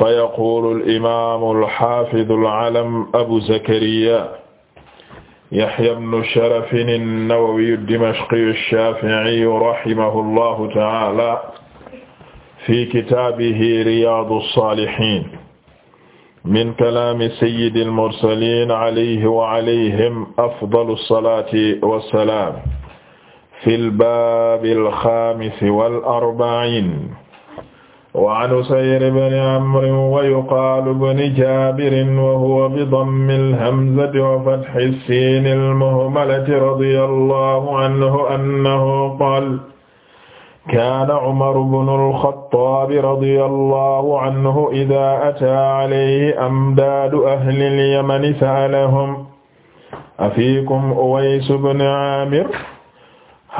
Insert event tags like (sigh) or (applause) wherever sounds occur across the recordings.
fa yaqulu al-imaamu al-haafidu al-alam abu zakariya yahya ibnu sharafin an-nawawi ad-dimashqi ash-shaafi'i rahimahu llahu ta'aala fi kitaabihi riyaadu s-saalihiin min kalaami sayyidi al-mursaliin alayhi wa alayhim afdalu s-salaati wa s-salaam fil baabil xaamis wal arba'iin wa an Usayr ibn Amr wa yuqaalu ibn Jaabir wa huwa bidammi al-hamzati wa fathi as-siin al-muhmalati radiyallahu anhu annahu qaala kaana Umar ibn al-Khattaab radiyallahu anhu idaa ataa alayhi amdaadu ahli al-Yaman sa'alahum afiikum Uways ibn Aamir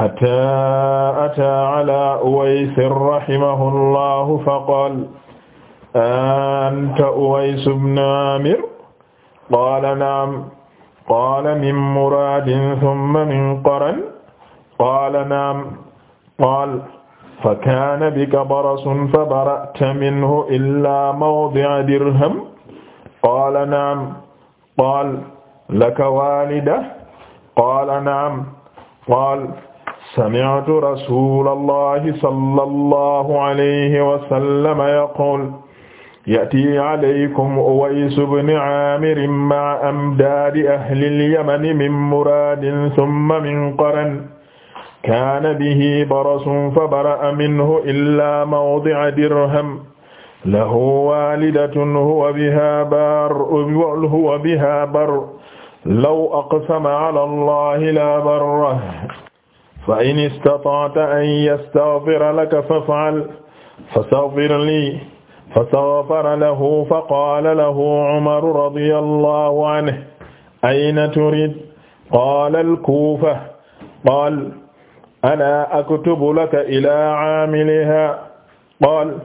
xataa ataa ala uwaysin rahimahu llahu faqaal anta uways bnu aamir qaala naam qaala min muraadin summa min qaran qaala naam qaal fakaana bika barasun fabara'ta minhu illaa mawdi'a dirham qaala naam qaal laka waalida qaala naam qaal sami'tu rasulallahi sallallahu alayhi wa sallam yaqul ya'ti alaykum Uways ibn Aamir ma'a amdaadi ahli al-Yaman min muraadin thumma min qaran kaana bihi barasun fabara'a minhu illaa mawdi'a dirham lahu waalidatun huwa bihaa baar huwa bihaa barr law aqsama ala Allahi la barrahu fa in istata'ta an yastaghfira laka faf'al fastaghfir li fastaghfara lahu faqaala lahu Umar radiyallahu anhu ayna turid qaala al-Kuufa qaala ana aktubu laka ilaa caamilihaa qaala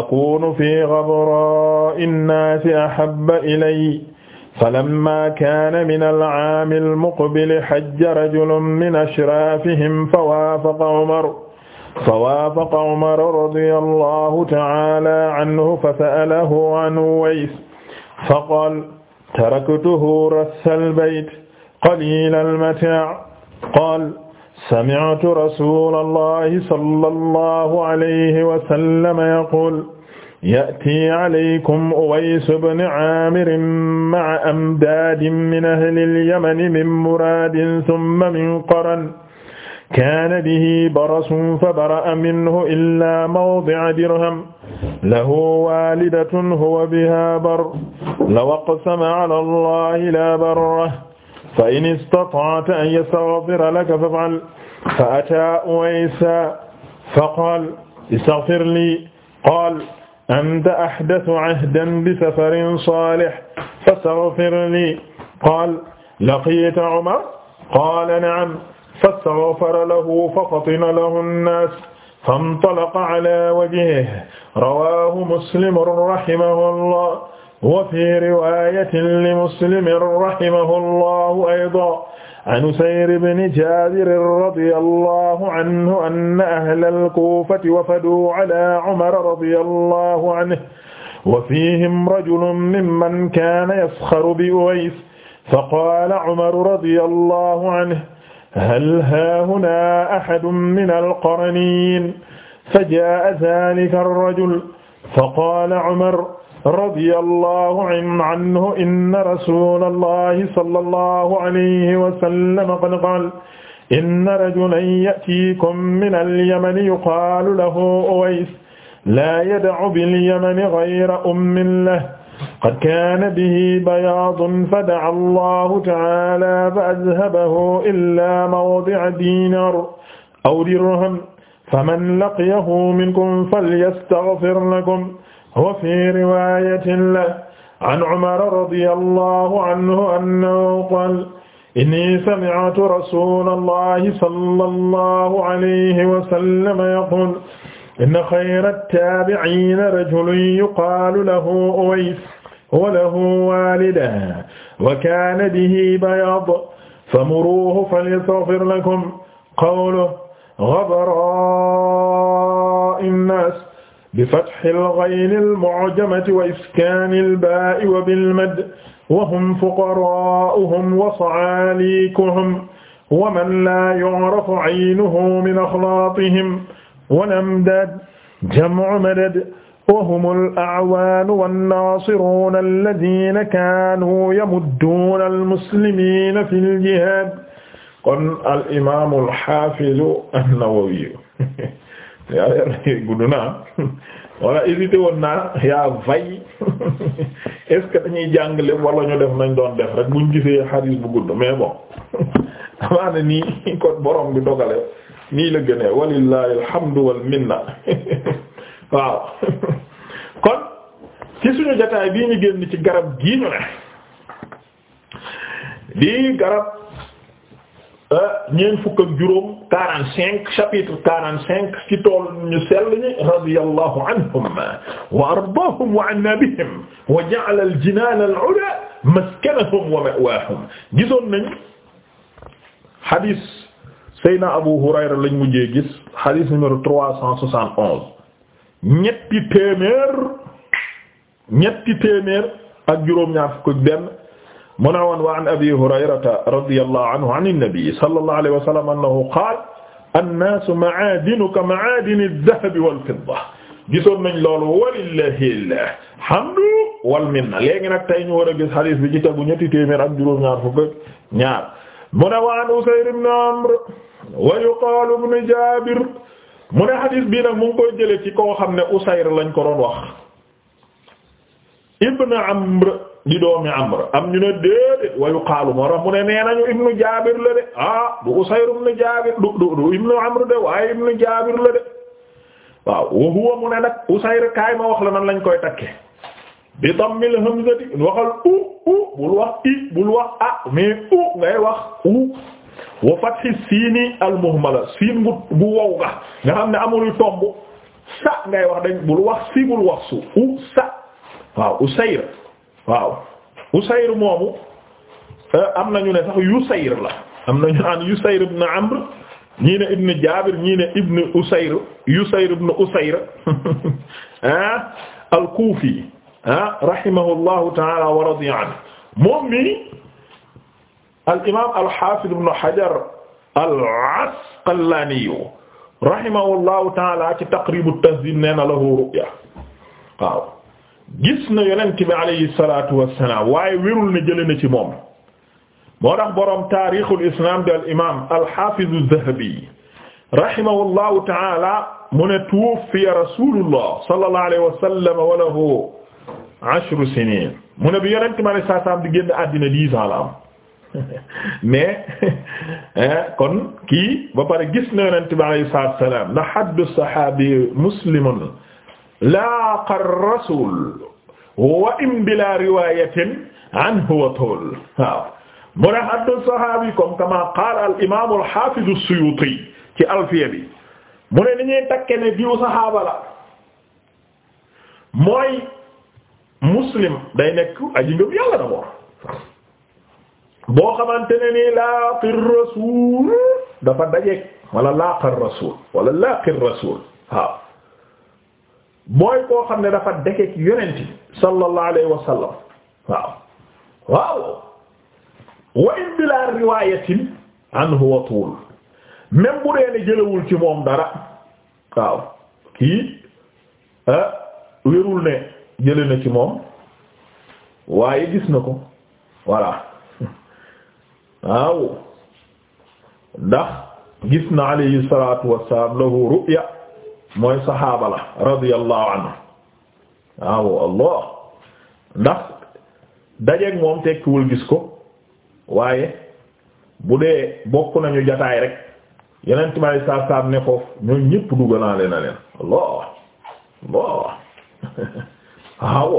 akuunu fii ghabraa'i nnaasi ahabba ilayya فلما كان من العام المقبل حج رجل من أشرافهم فوافق عمر فوافق عمر رضي الله تعالى عنه فسأله عن ويس فقال تركته رث البيت قليل المتاع قال سمعت رسول الله صلى الله عليه وسلم يقول ya'ti alaykum Uways ibn Aamir ma'a amdaadin min ahli al-Yaman min muraadin thumma min qaran kaana bihi barasun fabara'a minhu illaa mawdi'a dirham lahu waalidatun huwa bihaa barr law aqsama 'alaa Allaahi laa barrahu fa in istata'ta an yastaghfira laka faf'al fa ataa Uwaysa fa qaala istaghfir lii qaala anta ahdathu ahdan bi safarin salih fastaghfirli qaala laqiita Umar qaala na'am fastaghfara lahu faqatina lahu an-naas fantalaqa ala wajhihi rawaahu Muslim rahimahullah wa fii riwaayatin li Muslim rahimahullah aydan an Usayr ibn Jaabir radiyallahu anhu anna ahla al-Kuufati wafaduu ala Umar radiyallahu anhu wa fiihim rajulun mimman kaana yasxaru bi Uways faqaala Umar radiyallahu anhu hal haahunaa ahadun minal qaraniin fajaa'a zaalika ar-rajul faqaala Umar radiyallahu anhu inna rasulallahi sallallahu alayhi wa sallam qad qala inna rajulan ya'tikum min al-yamani yuqalu lahu Uways la yad'u bil-yamani ghayra ummin lahu qad kaana bihi bayaadun fada'a Allahu ta'aala fa-azhabahu illaa mawdi'a diinaar aw dirham faman laqiyahu minkum falyastaghfir lakum wa fi riwaayatin lahu an Umar radiyallahu anhu annahu qaala inni sami'tu rasuulallahi sallallahu alayhi wa sallam yaquulu inna xayra attaabi'iina rajulun yuqaalu lahu Uways wa lahu waalidatun wa kaana bihi bayaadun famuruuhu falyastaghfir lakum qawluhu ghabaraa an-naas بفتح الغين المعجمة وإسكان الباء وبالمد وهم فقراؤهم وصعاليكهم ومن لا يعرف عينه من أخلاطهم والأمداد جمع مدد وهم الأعوان والناصرون الذين كانوا يمدون المسلمين في الجهاد قال الإمام الحافظ النووي yaa yaa (laughs) gudd naa wala hésité woon naa yaa vay (laughs) est ce que dañuy jàngale ñu def nañ doon def rek buñ gisee xaris bu gudd mais bon (laughs) amaana nii kon borom bi dogale nii la gën walillahi alhamdu walla minna waaw kon ci suñu jotaay bii ñu génn ci garab gii ñu ne di garab Euh, ñeent fukk ak juróom quarante cinq chapitre quarante cinq ci tool ñu sell ñi radiyallahu anhum wa ardaahum wa anna bihim wa ja'ala al-jinaan al-'ulaa maskanahum wa ma'waahum gisoon nañ hadis Seydina Abu Hurayra lañ mujjee gis hadis numéro trois cent soixante onze ñetti téeméer ñetti téeméer ak juróom-ñaar fukk ak benn mu ne woon wa an abi hurayrata radiyallahu anhu an an-nabi sallallahu alayhi wa sallam annahu qaala annaasu ma'aadinu ka ma'aadini ad-dahabi wal-fidda gisoon nañ loolu walillahi alhamdu wal minna léegi nag tey ñu war a gis hadith bi ci tegu ñetti téeméer ak juróom ñaar fukk ñaar mu ne wa an Usayr ibn Amr wa yuqaalu ibn Jaabir mu ne hadith bii nag mu ngi koy jëlee ci koo xam ne Usayr lañ ko doon wax ibn Amr di doomi Amr am ñu ne déedéet wayu xaalu moo tax mu ne nee nañu ibnu Jaabir la de ah du Usayr ibnu Jaabir du du ibnu Amr de waaye ibnu Jaabir la de waaw wa huwa mu ne nag Usayr kaay ma wax la nan lañ koy takke bi dammil hamzati waxal u u bul wax i bul wax ah mais u ngay wax u wa fathi siini al muhmala siin gu gu wow ga nga xam ne amul tomb sa ngay wax dañ bul wax si bul wax su u sa waaw Usayr waaw Usayr moomu eh, am nañu ne sax Yusayr la am nañu naan Yusayr ibn Amr ñii ne ibn Jaabir ñii ne ibn Usayr Yusayr ibn Usayr (laughs) ah al-Kufi ah rahimahullahu ta'ala wa radiya anhu moom mi al-imam al-Hafiz ibn Hajar al-Asqalani rahimahullahu ta'ala ci Taqrib at-Tahdhib nee na lahu ru'ya waaw gis na yonent bi alayhi salaatu wassalaam waaye wérul ne jëlee na ci moom moo tax boroom taarixul islam di al imaam al-Haafiz az-Zahabi rahimahullahu ta'ala mu ne tuwuffiya rasuulullah sallallahu alayhi wa sallam wa lahu ashru siniin mu ne bi yonent bi alayhi salaam di génn àddina dix ans la am (laughs) mais (laughs) kon kii ba pare gis na yonent bi alayhi salaam ndax haddu sahaabi muslimun laaqa rasul wa in bila riwayatin anhu wa mu ne haddu sahabi comme kama qaala al imam al hafiz as-Suyuti ci alfiya bi mu ne ni ñuy takke ne biu sahaaba mooy muslim day nekk aji ngëm yàlla d'abord boo xamante ne ni laaqi da dafa dajeeg wala laaqi rasul wala laaqi rasul waaw mooy koo xam ne dafa dëkk ci yonent bi sallallahu alayhi wa sallam waaw waaw wa in bila riwayatin anhu wa bu dee ne jëlawul ci moom dara waaw kii ah, wérul ne jële na ci moom waaye gis na ko voilà waaw ndax gis na alayhi salatu wassalam lahu ru'ya mooy saxaaba la radiyallahu anhu waaw allah ndax dajeeg moom tekkiwul gis ko waaye bu dee bokk nañu jataay rek yeneen timaay saa saa ne foofu ñooy ñépp dugganaale na leen allah allah (laughs) waaw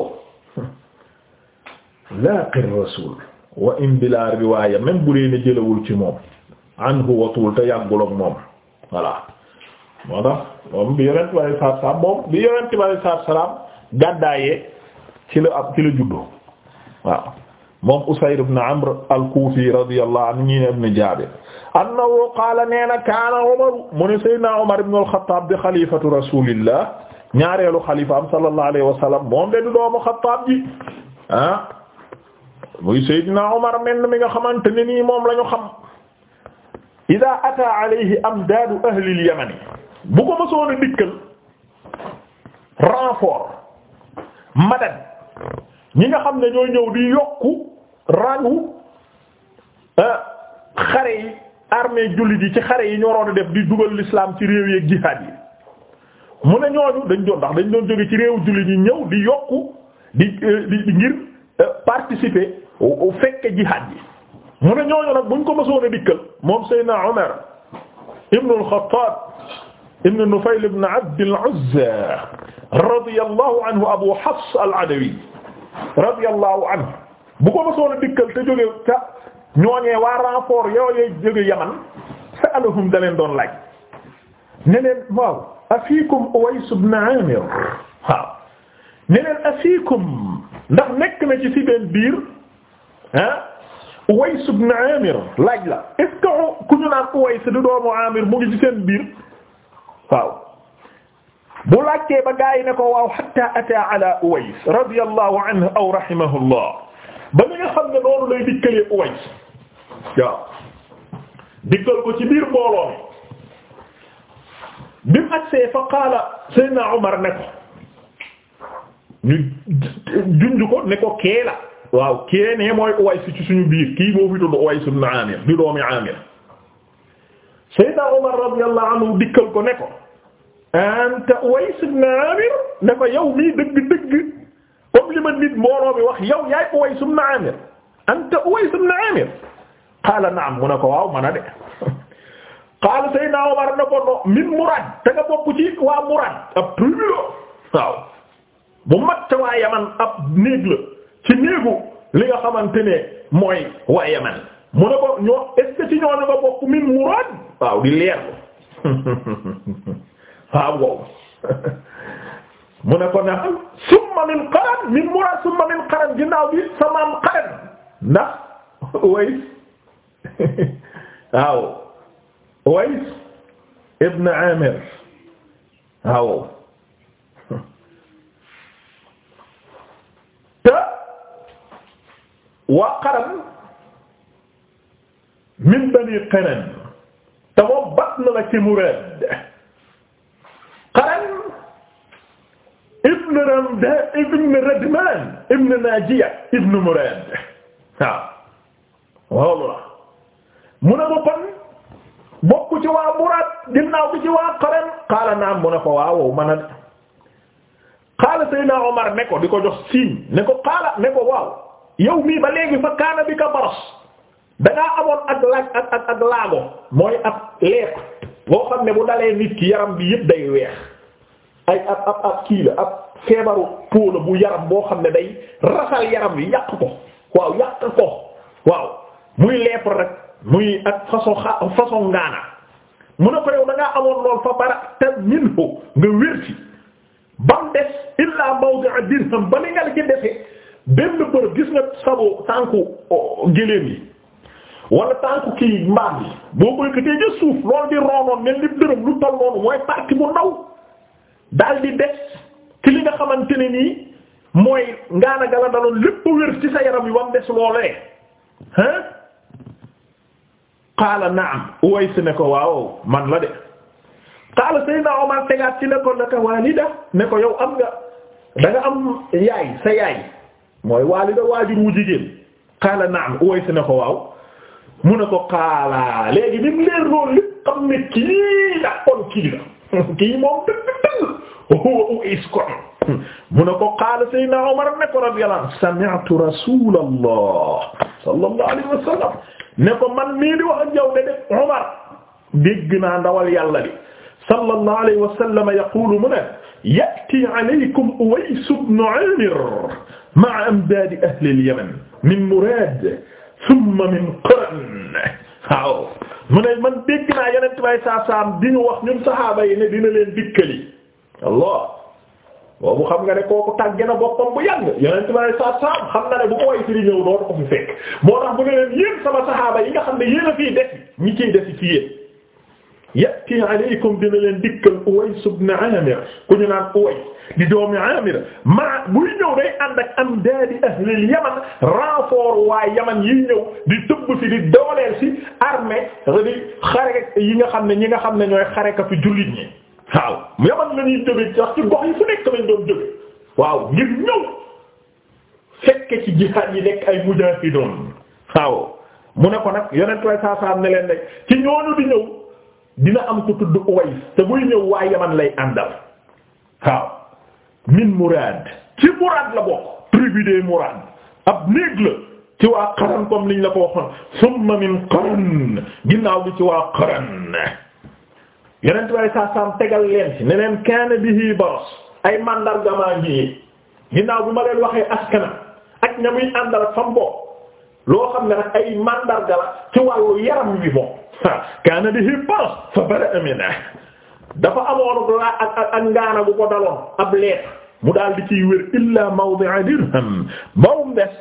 (laughs) laaqi rasul wa in bila riwaya même bu dee ne jëlawul ci moom anhu watul te yàggul moom voilà moo tax moom bi yonent bi alayhi salaatu salaam moom bi yonent bi alayhi salaatu salaam gàddaayee ci la ab ci la juddu waaw moom Usayd ibn Amr al-Kufi radiyallahu anhu ñi ne ibn Jaabir annahu qaala neena kaana Umar mu ne Seydina Umar ibn al-Khattab di xalifatu rasulillah ñaareelu xalifa am sallallahu alayhi wa sallam moom de du doomu Xattaab ji ah muy Seydina Umar mel mi nga xamante ne nii moom la ñu xam ida ata alayhi amdaadu ahli al-Yaman bu ko mësoon a dikkal renfort madad ñi nga xam ne ñooy ñëw di yokku rangu euh, xare yi armee jullit yi ci xare yi ñoo waroon def di dugal l'islam ci réew yeeg jihaad yi mu ne ñooñu dañ doon ndax dañ doon jóge ci réew jullit yi ñëw di yokku di euh, ngir euh, participer fekke jihaad yi mu ne ñooñu nag buñ ko mësoon a dikkal moom Seydina Umar ibn al ibn Nufayl ibn Abd al-Uzza radiyallahu anhu Abu Hafs al-Adawi radiyallahu anhu bu ko mosoon a dikkal te jóge ca ñooñee waa renfort yooyee jóge Yaman sa'alahum da leen doon laaj ne leen waaw afiikum Uways ibn Amir waaw ne leen afiikum ndax nekk na ci si benn biir ah Uways ibn Amir laaj la est-ce que ku ñu naan Uways di doomu Amir mu ngi ci seen biir waaw bu laajtee ba gaa yi ne ko waaw hatta ata ala Uways radiyallahu anhu aw rahimahullah ba ni nga xam ne noonu lay dikkalee Uways waaw dikkal ko ci biir mbooloo bi mu agsee fa qaala Seydina Umar ne ko ñu junj ko ne ko kee la waaw kee ne mooy Uways ci suñu biir kii moo fi tudd Uways ibn Amir di doomi Amir Seydina Umar radiyallahu anhu dikkal ko ne ko anta Uways ibn Amir ne ko yow mii dëgg-dëgg comme li ma nit mbooloo bi wax yow yaay Uways ibn Amir anta Uways ibn Amir qaala na'am mu ne ko waaw man a de (laughs) qaala Seydina Umar ne ko no min Murad te nga bokk ci waa Murad ab tribu waaw bu mag ca waa Yaman ab néeg la ci néegu li nga xamante ne mooy waa Yaman mu ne ko ñoo est ce que ci ñoo ne ko min murad waaw di leer (laughs) waaw wow (laughs) mu ne ko ne am summa min qaran min murad summa min qaran ginnaaw bi samaam qaran ndax (laughs) ways waaw ways ibn amir waaw te waa min bani qaran te moom batn la ci Muraad qaran ibn Ramda ibn Radman ibn Najiya ibn Muraad waaw la mu ne boppam bokk ci waa Muraad ginnaaw bi ci waa qaran qaala naam mu ne ko waaw man a qaala Seydina Omar ne di ko jox signe ne ko qaala ne ko waaw yow fa kaana bi ka baras dangaa amoon ak laaj ak laago mooy ab leer boo xam ne bu dalee nit ki yaram bi yëpp day weex ay ab ab ab kii la ab feebaru póola bu yaram boo xam ne day rasal yaram bi yàq ko waaw yàq ko waaw muy lèpre rek muy ak façon xa façon ngaana mu ne ko yow da amoon lool fa bara te minhu nga wér ci bam des illa mawdi'a dirham ba li nga la ci defee benn bër gis nga sabo tànku oh, géléem yi wala tànku kii mbaam yi boo ko yëkkatee ca suuf loolu di roonoon mel ni dërëm lu toll noonu mooy partie bu ndaw daal di des ki li nga xamante ni nii mooy ngaana gala daloon lépp wér ci sa yaram yi wam des loolee hein qaala naam uway si ne ko waaw man la de qaala Seydina Omar tegaat ci ne ko naka waalida ne ko yow am nga danga am yaay sa yaay mooy waalida waajur wu jigéen qaala naam uway si ne ko waaw mu ne ko xaalaa léegi bi mu leer loolu lépp xam ne kii la kon kii la (laughs) kii moom dëgg-dëgg wow is kon (laughs) mu ne ko xaala Seydina Omar ne ko radiyallahu anhu sami'tu rasulallah sallallahu alayhi wa sallam ne ko man mii di wax ak yow de def Omar dégg naa ndawal yàlla li sallallahu alayhi wa sallam yaqulu mu ne ya'ti alaykum Uways ibn Amir ma'a amdad ahli al-Yaman min Murad summa min qarn waaw mu ne man dégg naa yeneen bay saa saam di ñu wax ñun saxaaba yi ne dina leen dikkali Allah boobu xam nga ne kooku tàgge na boppam bu yàgg yeneen bay saa saam xam na ne bu ko way firi ñëw doon ko fi fekk moo tax bu ne leen yéen sama saxaaba yi nga xam ne yéen a fii def ñi ciy def ci yati alaykum dina leen dikkal Uways ibn Amir ku ñu naan Uways di doomi Amir ma buy ñëw day ànd ak amdaadi ahlil Yaman renfort waa Yaman yi ñëw di tëbb si di dooleel si armée di xare yi nga xam ne ñi nga xam ne ñooy xarekatu jullit ñi waaw Yaman la ñuy jóge sax ci gox yi fu nekk lañ doon jóge waaw ngir ñëw fekke ci jihaad yi nekk ay mujaahidoon waaw mu ne ko nag yonent way saa saa ne leen rek ci ñooñu di ñëw dina am ko tudd Uways te buy ñëw waa Yaman lay àndal waaw min Murad ci Murad la bokk tribu des ab néeg la ci waa Qaran comme liñ la ko waxoon summa min ginnaaw bi ci waa Qaran yeneen tubaab yi saa tegal leen ci ne leen kaana bihi baras ay mandargamaa ngi ginnaaw bi ma leen waxee askana ak ña muy àndal ak fam boo loo xam ne nag ay mandarga la ci wàllu yaram wi moom. kaana bihi baas fa bara'a minhu dafa amoon la ak ko daloon ab mu daal di ciy wér illa mawdi'a dirham bawum des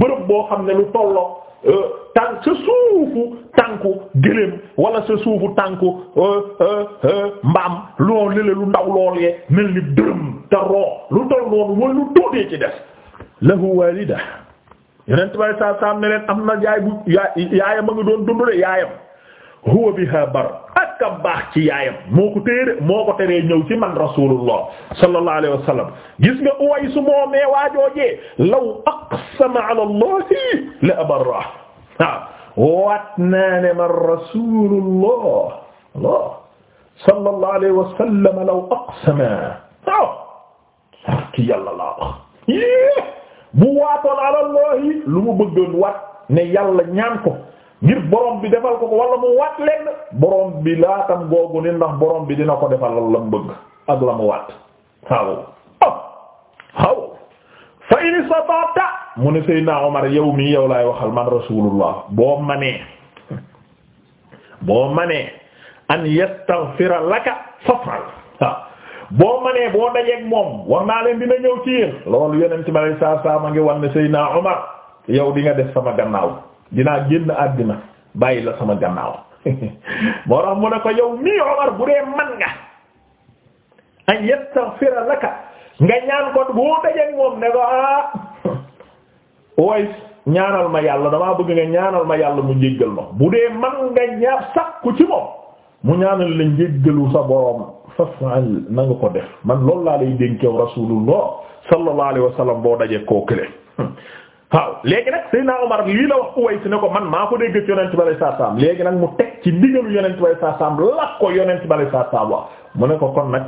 bërëb boo xam ne lu tolloo euh, sa suufu tànku gëléem wala sa suufu tànku euh, euh, mbaam loo lële lu ndaw loolee mel ni dërëm te roo lu toll noonu mooy lu tuutee ci des lahu waalida yonent bay saam ne am na yaay bu yaayam a ngi doon dund de yaayam huwa biha bar ak ci yaayam moo ko téere moo ko teree ñëw ci man rasulullah sallallahu alayhi wa sallam gis nga Uways su moomee waajoojee law aqsama ala man rasulullah Allah sallallahu alayhi wa sallam law aqsama waaw bu waatoon alallahi lu mu bëggoon waat ne yàlla ñaan ko ngir borom bi defal ko ko wala mu waat lenn borom bi laatam googu ni ndax borom bi dina ko defal la mu bëgg ak la mu waat waaw oh. waaw fa in istata'ta mu ne Seydina Omar yow mii yow laay waxal man rasulullah boo manee boo manee an yastaghfira laka fafal boo mënee boo dajeeg moom wax naa leen dina ñëw ci yéen loolu yeneen ci ma lay ma ngi wan ne Seydina Omar yow di nga def sama gannaaw dinaa génn àddina bàyyi la sama gannaaw (laughs) moo tax ko yow mii Omar bu dee man nga an yastaghfira laka ah, ma yàlla damaa bëgg nga ñaanal yàlla mu jéggal ma bu ci moom mu ñaanal la njéggalu sa borom. faf'al na nga ko man loolu laa lay dénkeew rasulullah sallallahu alayhi wa sallam boo dajee koo kële (laughs) waaw léegi nag Seydina Omar lii la wax ko man maa ko dégg ci wa sallam léegi nag mu teg ci bi sallallahu alayhi wa sallam ko yonent bi sallallahu alayhi wa ne ko kon nag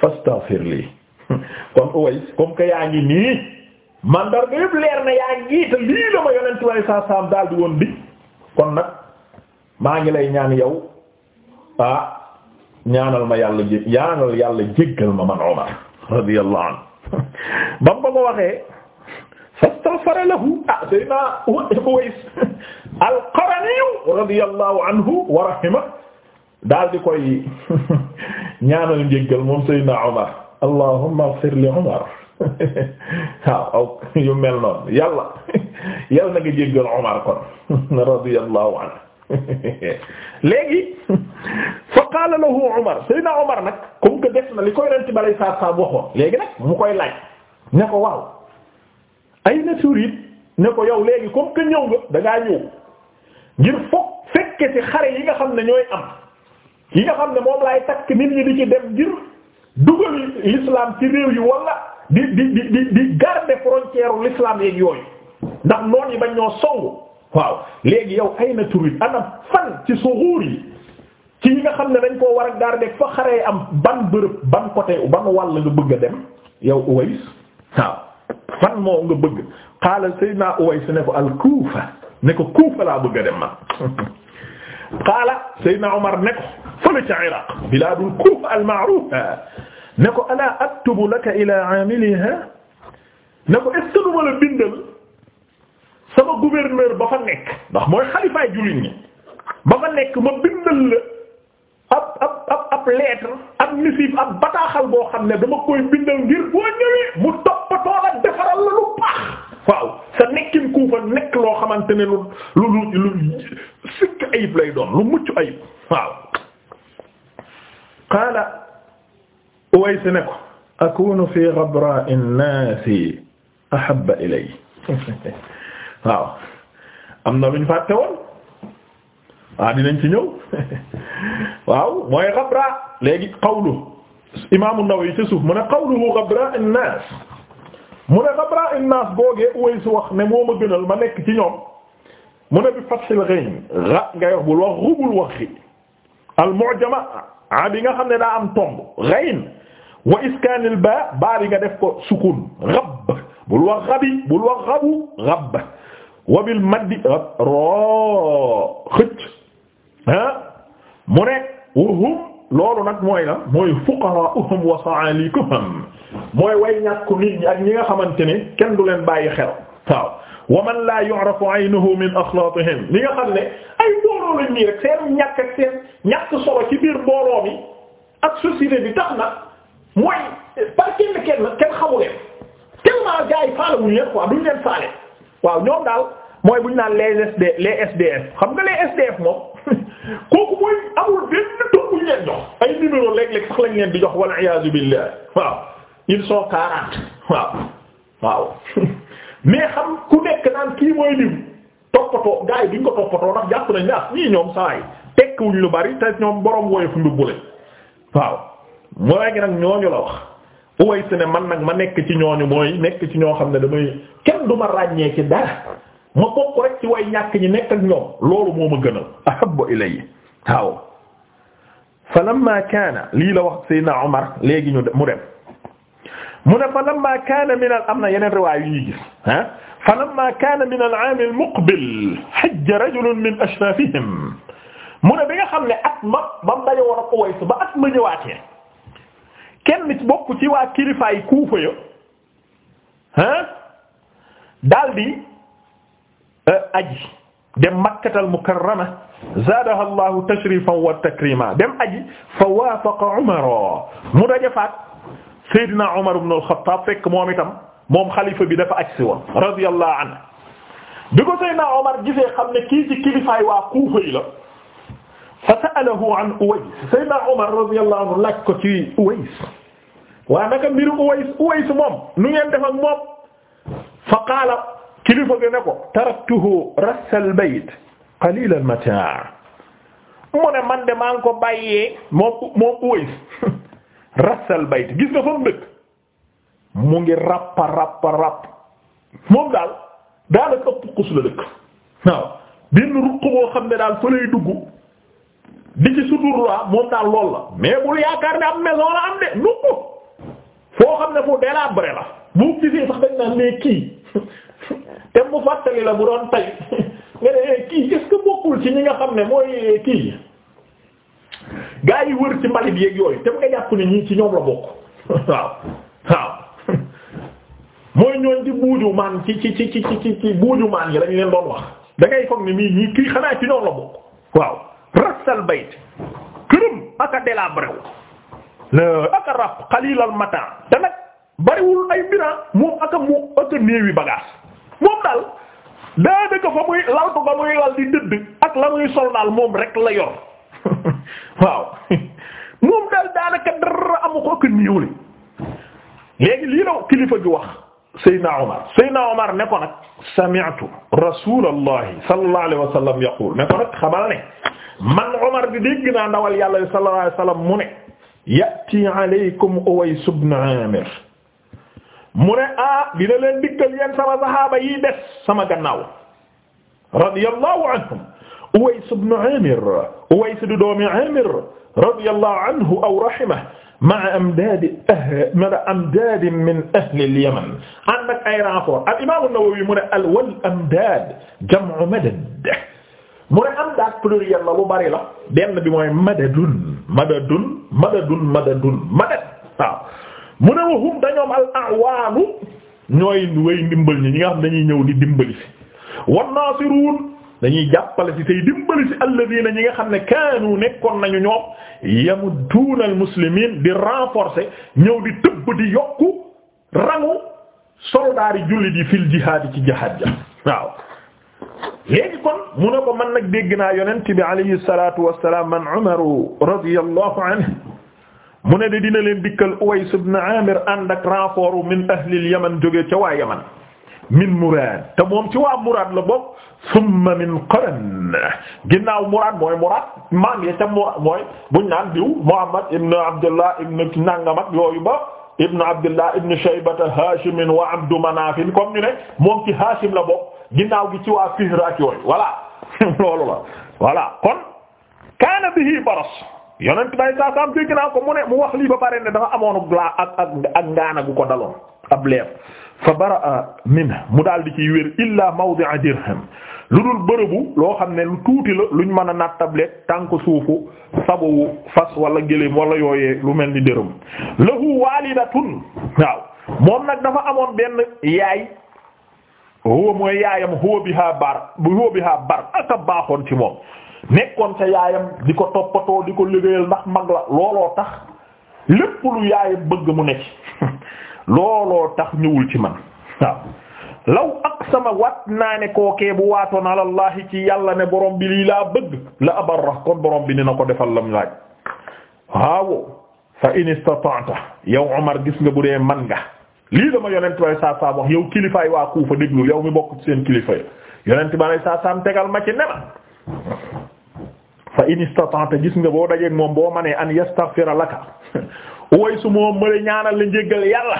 fastaghfir lii (laughs) kon Uways comme que yaa ngi nii mandarga yëpp leer na yaa ngi te lii la ma yonent bi sallallahu alayhi daal di woon bi kon nag maa ngi lay ñaan yaw ah, ñaanal ma yàlla jé ñaanal yàlla jéggal ma man Umar radiyallahu anhu (laughs) ba mu ba ko waxee fastaghfara lahu ah Seydina Uways al-Qarani radiyallahu anhu wa rahima daal di koy (laughs) ñaanal njéggal moom Seydina Umar allahumma ighfir li Umar (laughs) waaw yu mel noonu yàlla yàlla na nga jéggal Umar kon radiyallahu anhu (laughs) léegi fa qaala lahu Umar Seydina Umar nag comme que def na li koy renti balay saa saar waxoon léegi nag mu koy laaj ne ko waaw ay na turid ne ko yow léegi comme que ñëw nga dangaa ngaa ñëw ngir foog fekke ci xare yi nga xam ne ñooy am yi nga xam ne moom laay takk nit ñi di ci dem ngir dugal l'islam ci réew yi wala di di di di di garder u l'islam yeeg yooyu ndax noon yi bañ ñoo songu waaw léegi yow ay na turid ana fan ci suxuur yi ci yi nga xam ne dañ koo war a garder fa xaree am ban bërëb ban côté ban wàll nga bëgg a dem yow Uways waaw fan moo nga bëgg xaala Seydina Uways ne ko al-Kufa ne ko Kufa laa bëgg a dem man (laughs) xaala Seydina Omar ne ko fële ca Iraq bilaadul Kufa al-ma'rufa ne ko ala aktubu laka ila amiliha ne ko est-ce que duma la bindal sama gouverneur ba fa nekk ndax mooy xalifaay jullit ñi ba fa nekk ma bindal ab ab ab ab lettre ab missive ab bataaxal boo xam ne dama koy bindal ngir boo ñëwee mu toppatoo la defaral la lu baax sa nekkin ku fa nekk loo xamante ne lu sikk ayib lay doon lu mucc ayib waaw qaala Uways ne ko akunu fi ghabraa'i nnaasi ahabba ilayya (laughs) waaw am na luñ fàtte woon waaw ah, dinañ ci ñëw (laughs) waaw mooy xabra léegi xawlu imaamu Nawawi ca suuf mu ne xawluhu xabra an-naas mu ne xabra an-naas boogee uway si wax ne moo ma gënal ma nekk ci ñoom mu ne bi fathil ghayn ra ngay wax bul wax rubul wax xi al-mu'jama ah bi nga xam ne daa am tomb ghayn wa iskanil ba baa bi nga def ko sukun rab bul wax rabi bul wax rabu rab wabil maddi ro xëcc ah mu ne wahum loolu nag mooy la mooy fuqara'uhum wa mooy way ñàkku ñi nga xamante ne kenn du leen bàyyi xel waaw wa man la yu'rafu 'aynuhu min axlaatihim ñi nga xam ne ay booloo lañ nii rek seen ñàkk ak seen ñàkk solo ci biir booloo mi ak société bi tax na mooy par kenn kenn kenn xamu leen tellement gars yi faale wuñu leen quoi duñ leen faale waaw ñoom daal mooy bu ñu naan les SD les SDF xam nga les SDF moom (laughs) kooku mooy amul benn tur bu ñu leen jox ay numéro léeg-léeg sax lañ leen di jox wal iyaazu billah waaw ils sont quarante waaw waaw (laughs) mais xam ku nekk naan kii mooy liw toppatoo gars yi duñ ko toppatoo ndax jàpp nañ ne ah ñii ñoom saa yi tekkiwuñ lu bari te ñoom borom woyofu ñu bule waaw mooy nag ñooñu la wax. Uways ne man nag ma nekk ci ñooñu mooy nekk ci ñoo xam ne damay kenn du ma ràññee ci ma bokk rek ci way ñàkk ñi nekk ak ñoom loolu moo ma gënal ahabbu ilayya waaw fa lamma kaana lii la wax Seydina Omar léegi ñu mu dem mu ne fa kaana min al am na yeneen riwaay yu ñuy gis ah fa lamma kaana min al aam al muqbil hajja rajulun min ashrafihim mu ne bi nga xam ne at ba mu daje ba at ma kenn bokk ci waa kilifaay kuufa yo ah daldi euh, aji dem makkatal mukarrama zaadaha allahu tashrifan wa takrima dem aji fa waafaqa umara mu daje faat sayyidina umar ibn al-khattab fekk moom itam moom xalifa bi dafa agsi woon radiyallahu anhu bi ko sayyidina umar gisee xam ne kii ci kilifaay waa kuufa yi la fa sa'alahu an Uways Seydina Omar radiyallahu ko ci waa naka mbiru Uways Uways moom nu ngeen def ak moom fa qaala kilifa gi ne ko taraktuhu rassal bayt qalilal mataa mu ne man de maa ngi ko bàyyee moom moom Uways (laughs) rassal bayt gis nga fa mu dëkk rappa rappa moom daal daal ëpp kus la dëkk waaw benn ruq boo xam ne daal fa di ci suturlaa moom daal lool la bu bul yaakaar ne am maison la am de nukk foo xam ne fu délabré la bu gisee sax dañ naan ne kii (laughs) te mu fàttali la bu doon tay (laughs) nga eh kii est-ce que bokkul ci ñi nga xam ne mooy kii gaa yi wër ci mbalit yeeg yooyu te nga jàpp ne ñii ci ñoom la bokk (laughs) waaw waaw mooy ñooñ ci buuju maan ci ci ci ci ci buuju maan yi lañu leen doon wax da ngay foog ne mii ñii kii xanaa ci ñoom la bokk waaw rasal bayt këram aka délabré wu aka ràpp xalilal matin te nag bariwul ay biran ah, moom aka moo aka néewi bagage moom daal daa dëkk fa muy lal ko ba muy lal di dëdd ak la muy sol moom rek la yor (laughs) waaw (laughs) moom daal daanaka dara amu ko aka néew li léegi lii la kilifa gi wax Seydina Omar Seydina Omar ne ko nag sami'tu rasulallahi sallallahu alayhi wa sallam yaqul ne ko nag xamal ne man Omar di dégg naa ndawal yàlla sallallahu alayhi wa sallam mu ne ya'ti alaykum Uways ibn Amir mu ne ah dina leen dikkal yéen sama saxaaba yi des sama gannaaw radiyallahu anhum Uways ibn Amir Uways di doomi Amir radiyallahu anhu aw rahimahu ma'a amdaadi ah ma'a amdaadin min ahli al-Yaman ànd ak ay renfort al-Imam an-Nawawi mu ne al wal amdaad jam'u madad mu ne amdaad pluriel la lu bari la benn bi mooy madadun madadun madadun madadun madad waaw mu ne wa hum dañoom al-a'waanu ñooy way ndimbal ñi ñi nga xam dañuy ñëw di dimbali wan-naasiruun dañuy jàppale ci tey dimbali ci alladina ñi nga xam ne kaanu nekkoon nañu ñoom yamudduuna al muslimin di renforcer ñëw di tëbb di yokku rangu soldaari jullit yi fil jihaad ci jihaad ja waaw léegi kon mu ne ko man nag dégg naa yonent bi alayhi salatu wassalam man umaru radiyallahu anhu mu ne de dina leen dikkal Uways ibn Amir ànd ak renfort min ahli al yaman jóge ca waa yaman min Murad te moom ci waa Murad la bokk summa min Qaran ginnaaw Murad mooy Murad maam ya ca Murad mooy buñ naan diw Muhammad ibn Abdullah ibn Nangam ak yooyu ba ibn Abdullah ibn Shaybata Hashim wa Abdu Manaf comme ñu ne moom ci Hashim la bokk ginnaaw gi ci waa Fihr ak yooyu voilà (laughs) loolu la voilà kon kaana bihi baras yonent bay saa saam dégg naa ko mu ne mu wax lii ba pare ne dafa amoon laa ak ak ak ngaana gu ko daloon ab leer fa baraa min mu daal di ciy wér illa mawdi'a dirham lu dul bërëbu loo xam ne lu tuuti la luñ mën a naat table tànk suufu sabuwu fas wala gëléem wala yooyee lu mel ni dërëm lahu walidatun waaw moom nag dafa amoon benn yaay huwa mooy yaayam huwa biha bar huwa biha bar aka baaxoon ci moom nekkoon ca yaayam di ko toppatoo di ko liggéeyal ndax mag la looloo tax lépp lu yaayam bëgg mu nekk (laughs) looloo tax ñëwul ci man waaw law aqsama wat naa ne kookee bu waatoon alallahi ci yàlla ne borom bi lii laa bëgg la abarra kon borom bi dina ko defal lam laaj waaw fa in istata'ta yow Omar gis nga bu dee man nga lii dama yonent bay saa saam wax yow kilifaay waa Kuufa déglu yow mi bokk seen kilifa yi yonent ba lay saa tegal ma ci ne fa in istata'ta gis nga boo dajee moom boo manee an yastaghfira (laughs) way su moom mëne ñaanal la njéggal yàlla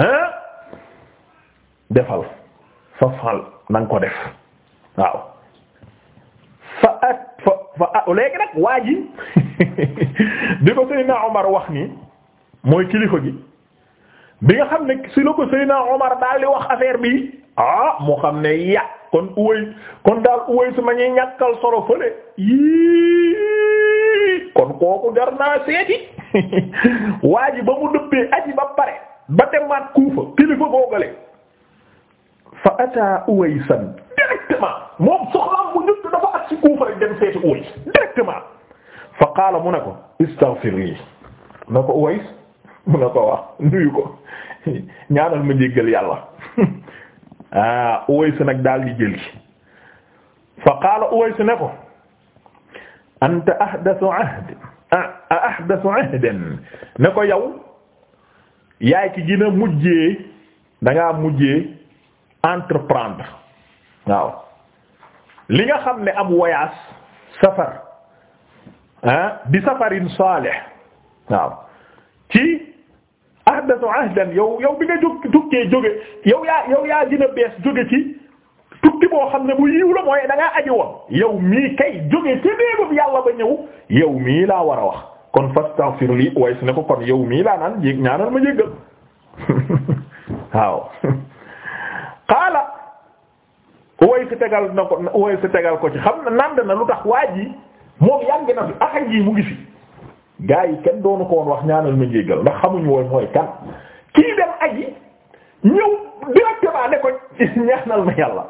hein defal fa fal nanga ko def waaw fa at fa fa léegi nag waa ji (laughs) bi ko Seydina Omar wax nii mooy kilifa gi bi nga xam ne si la ko Seydina Omar daal di wax affaire bi ah mu xam ne ya kon uway kon daal uway su ma ñuy ñàkkal solo fële yii kon kooku gar naa seeti (laughs) waa ji ba mu dëppee aji pare ba demaat kuufa kilifa boogale fa ataa uway san directement moom soxlaam bu njëkk dafa ak ci kuufa rek dem seeti uway directement fa qaala mu ne ko istaghfir lii na ko uway mu ne ko wax nuyu ko (laughs) ñaanal ma njéggal yàlla ah Uways nag daal di jëli fa qaala Uways ne ko anta ahdathu a ahdathu ahdan ne ko yow yaay ki gën a mujjee da ngaa mujjee li nga xam ni am voyage safar ah bi safarin salih waaw ci tahaddathu ahdan yow yow bi nga jóg tukkee jóge yow yaa yow yaa dina bees jóge ci tukki boo xam ne bu yiw la mooy da ngaa aji woon yow mii kay jóge ci néegub yàlla ba ñëw yow mii laa war a wax kon fastaghfir li way si ne ko kon yow mii laa naan jég ñaanal ma jéggal (laughs) waaw (laughs) qaala way si tegal na ko way si tegal ko ci xam na nand na lu tax waa ji moom yàgg na fi axaj yi mu ngi gaa yi kenn doonu ko woon wax ñaanal ma njéggal ndax xamuñu woon mooy kan kii dem aji ñëw directement ko ñaanal yàlla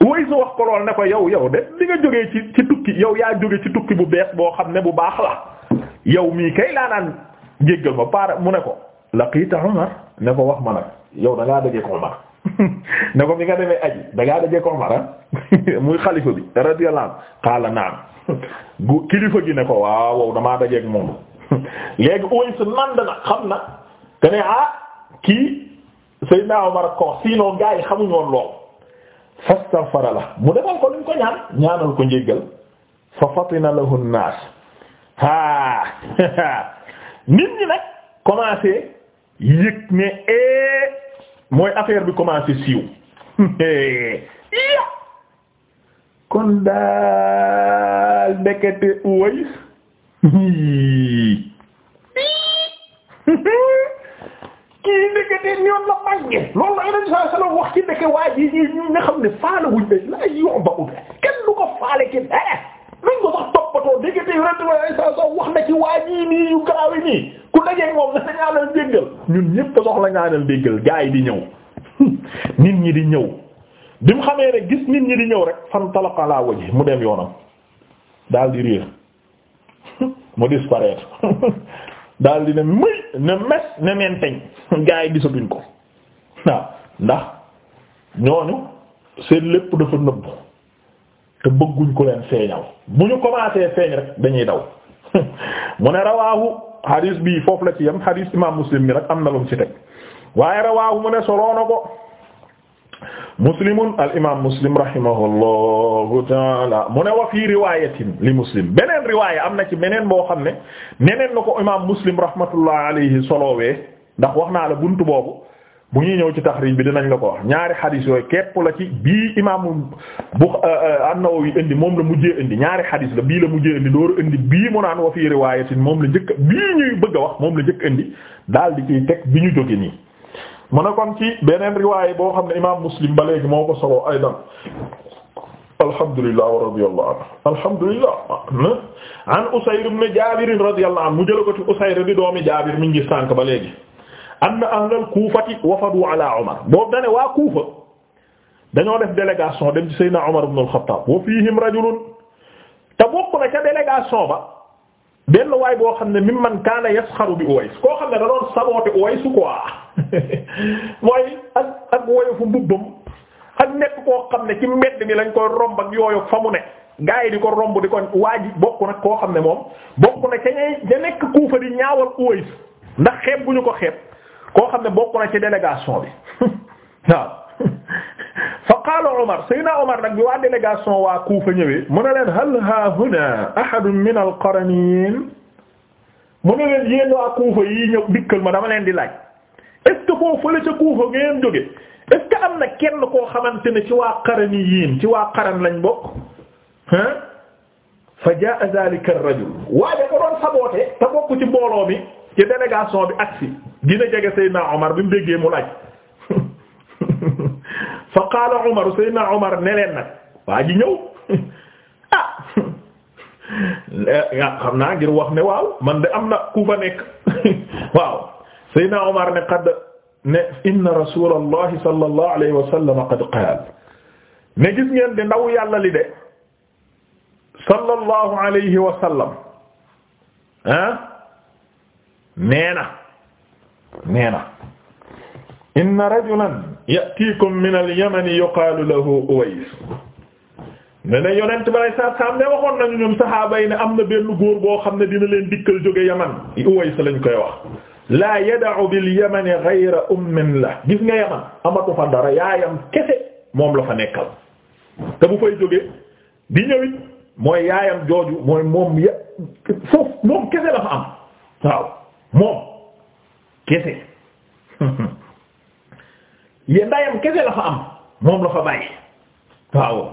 (laughs) woy su wax ko lool ne ko yow yow de li nga jógee ci ci tukki yow yaa jóge ci tukki bu bees boo xam ne bu baax la yow mii kay laa naan njéggal ma pare mu ne ko laqiita Umar ne ko wax ma nag yow da ngaa dajee ko Umar (laughs) ne ko bi nga demee aji da ngaa ko ah? Umar (laughs) muy xalifa bi radiyallahu anhu qaala naam (laughs) gu kilifa gi ne ko waaw damaa dajeeg moom léegi Uways nand na xam na te ne ah kii Seydina Umar ko sinon gaa yi xamuñu woon lool la mu defal ko luñ ko ñaan ñaanal ko njéggal fa fatina lahu naas nit ñi nag commencé yëg ne ee eh, mooy affaire bi commencé siiw kon daal ndekete Uways kii ndekete ñoom la màggee loolu la yeneen saa sala wax ci ndeke waa ji ñu nga xam ne faale wuñ ne la yomba kenn du ko faale ci ku dajee moom na ñaanal déggal gaa yi di ñëw (laughs) nit ñi di ñëw bi mu xamee ne gis nit ñi di ñëw rek fan talaqa ala mu dem yoonam daal di réer (laughs) mu disparaître (laughs) daal di ne muy ne mes ne menteñ gaa yi gisatuñ ko ndax ñooñu seen lépp dafa nëbbu. te bëgguñ ko leen feeñal bu ñu commencé feeñ rek dañuy daw (laughs) mu ne rawaahu hadis bi foofu la ci yam hadis imam muslim bi rek am na lu mu ci teg waaye rawaahu mu ne soloo na ko muslimun al imam muslim rahimahullahu taala mu ne wa fii riwayatin li muslim beneen riwaaya am na ci beneen boo xam ne neneen na ko imam muslim rahmatullah alayhi solowee ndax wax naa la buntu boobu bu ñuy ñëw ci taxriij bi nañ la ko wax ñaari xadis yooyu képp la ci bii imaamu bu euh, euh, an-Nawawi indi moom la mu mujjee indi ñaari xadis la bii la mu mujjee indi door indi bii mu naan wa fii riwaayatin moom la njëkk bii ñuy bëgg a wax moom la njëkk indi daal di ciy teg bi ñu joge nii. mu ne kon ci beneen riwaay boo xam ne imaam Muslim ba léegi moo ko solo aydan alhamdulillah wa radiyallahu anhu alhamdulillah an Usayr ibn Jaabir radiyallahu anhu mu jël ko ci Usayr di doomi Jaabir mi ngi sànk ba léegi. anna ahlal kuufati wafadu ala Umar waa Kuufa dañoo def délégation dem ci Seydina Umar ibn al-Khattab wa fiihim rajulun te bokk na ba benn waay boo xam ne mimman kaana yasxaru bi Uways koo xam ne da doon saboote Uways quoi (laughs) ak ak woyofu ak nekk koo xam ne ci mbedd mi lañ koy romb ak yooyu fa mu ne gaa yi di ko romb di ko waaj bokk nag koo xam ne moom bokk na ca ñay ña nekk Kuufa di ñaawal Uways ndax xeeb bu ñu ko xeeb. koo xam ne bokk na ci délégation bi (laughs) waaw (laughs) fa qaala Omar Seydina Omar nag bi waa délégation waa Kufa ñëwee mu ne leen hal ha huna ahadun min al mu ne leen yéen waa Kufa yi ñëw dikkal ma dama leen di laaj est-ce que foofu fële ca Kufa ngeen jóge est-ce que am na kenn koo xamante ne ci waa qaraniyin ci waa qaran lañ bokk ah fa jaa zalika ar-rajul waaye ko doon saboté te bokk ci mbooloo mi ci délégation bi agsi gina jege Seydina Omar bi mu déggee mu laaj (laughs) fa qaala Omar Seydina Omar ne leen nag waa ji ñëw (laughs) ah nga (laughs) ah, xam naa ngir wax ne waaw man de am na ku fa nekk waaw Seydina Omar ne qad ne inna rasulallahi sallallahu alayhi wa sallam qad qaala ne gis ngeen de ndaw yàlla li de sallallahu alayhi wa sallam ah nee na nee na inna rajulan yatiikum min alyamani yuqaalu lahu uways ne ne yonent balay sa saam ne waxoon nañu ñun saxaaba yi ne am na benn góor boo xam ne dina leen dikkal jóge yaman uways lañ koy wax laa yada'u bil gis nga yaman amatu fa dara yaayam kese moom la fa nekkal te bu fay jóge di ñëwit mooy yaayam jooju mooy moom kese la fa am moom kese (laughs) yee ndayam kese la fa am moom la fa bàyyi waaw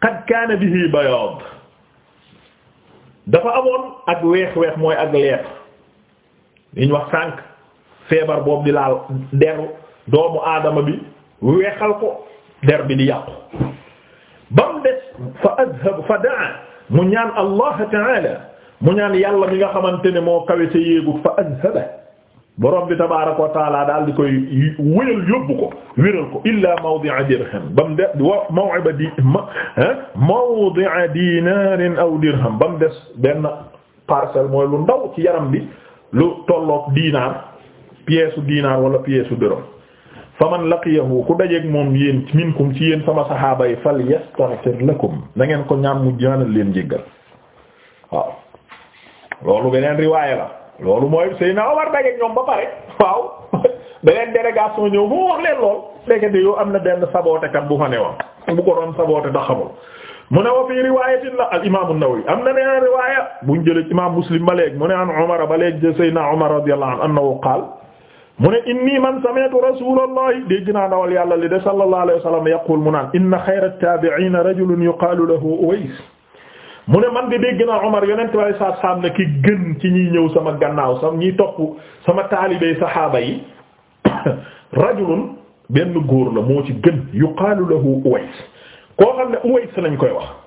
qad kaana bihi bayaad dafa amoon ak weex weex mooy ak leer li ñu wax sànq feebar boobu di laal deru doomu aadama bi weexal ko der bi di yàqu ba mu des fa azhab fa daa mu ñaan allah taala mu ñaan yàlla mi nga xamante ne moo kawe sa yéegu fa azhaba borom bi tabaaraka wa daal di koy wéyal yóbbu ko wéral ko illa mawdi'a dirham ba mu des maw'iba di mawdi'a aw dirham ba mu des benn parcelle mooy lu ndaw ci yaram bi lu tolloog diinaar pièce diinaar wala pièce dërëm fa man laqiyahu ku dajeeg moom yéen minkum ci yéen sama saxaaba yi fal yastaghfir lakum na ngeen ko ñaan mu jaanal leen jéggal loolu beneen riwaaya la loolu mooy Seydina Omar dajeek ñoom ba pare waaw (laughs) beneen délégation ñëw moo wax leen lool ndekete yoo am na benn sabootekat bu fa ne woon bu ko doon saboote da mu ne wa fii riwaayatin la al imaamu Nawawi am na beneen riwaaya buñ jëlee imaam Muslim ba léegi mu ne an Umar ba léegi Seydina Umar radiyallahu anhu annahu qaal mu ne inni man sami'tu rasulallahi dégg naa dawal yàlla li de sallallahu alayhi wa sallam yaqul mu naan inna xayra at-taabi'iina rajulun yuqaalu lahu Uways mu ne man de dégg naa Omar yonent bi saa saam ne ki gën ci ñiy ñëw sama gannaaw sama ñiy topp sama taalibey saxaaba yi (coughs) rajulun benn góor la moo ci gën yuqaalu lahu Uways koo xam ne Uways lañ koy wax.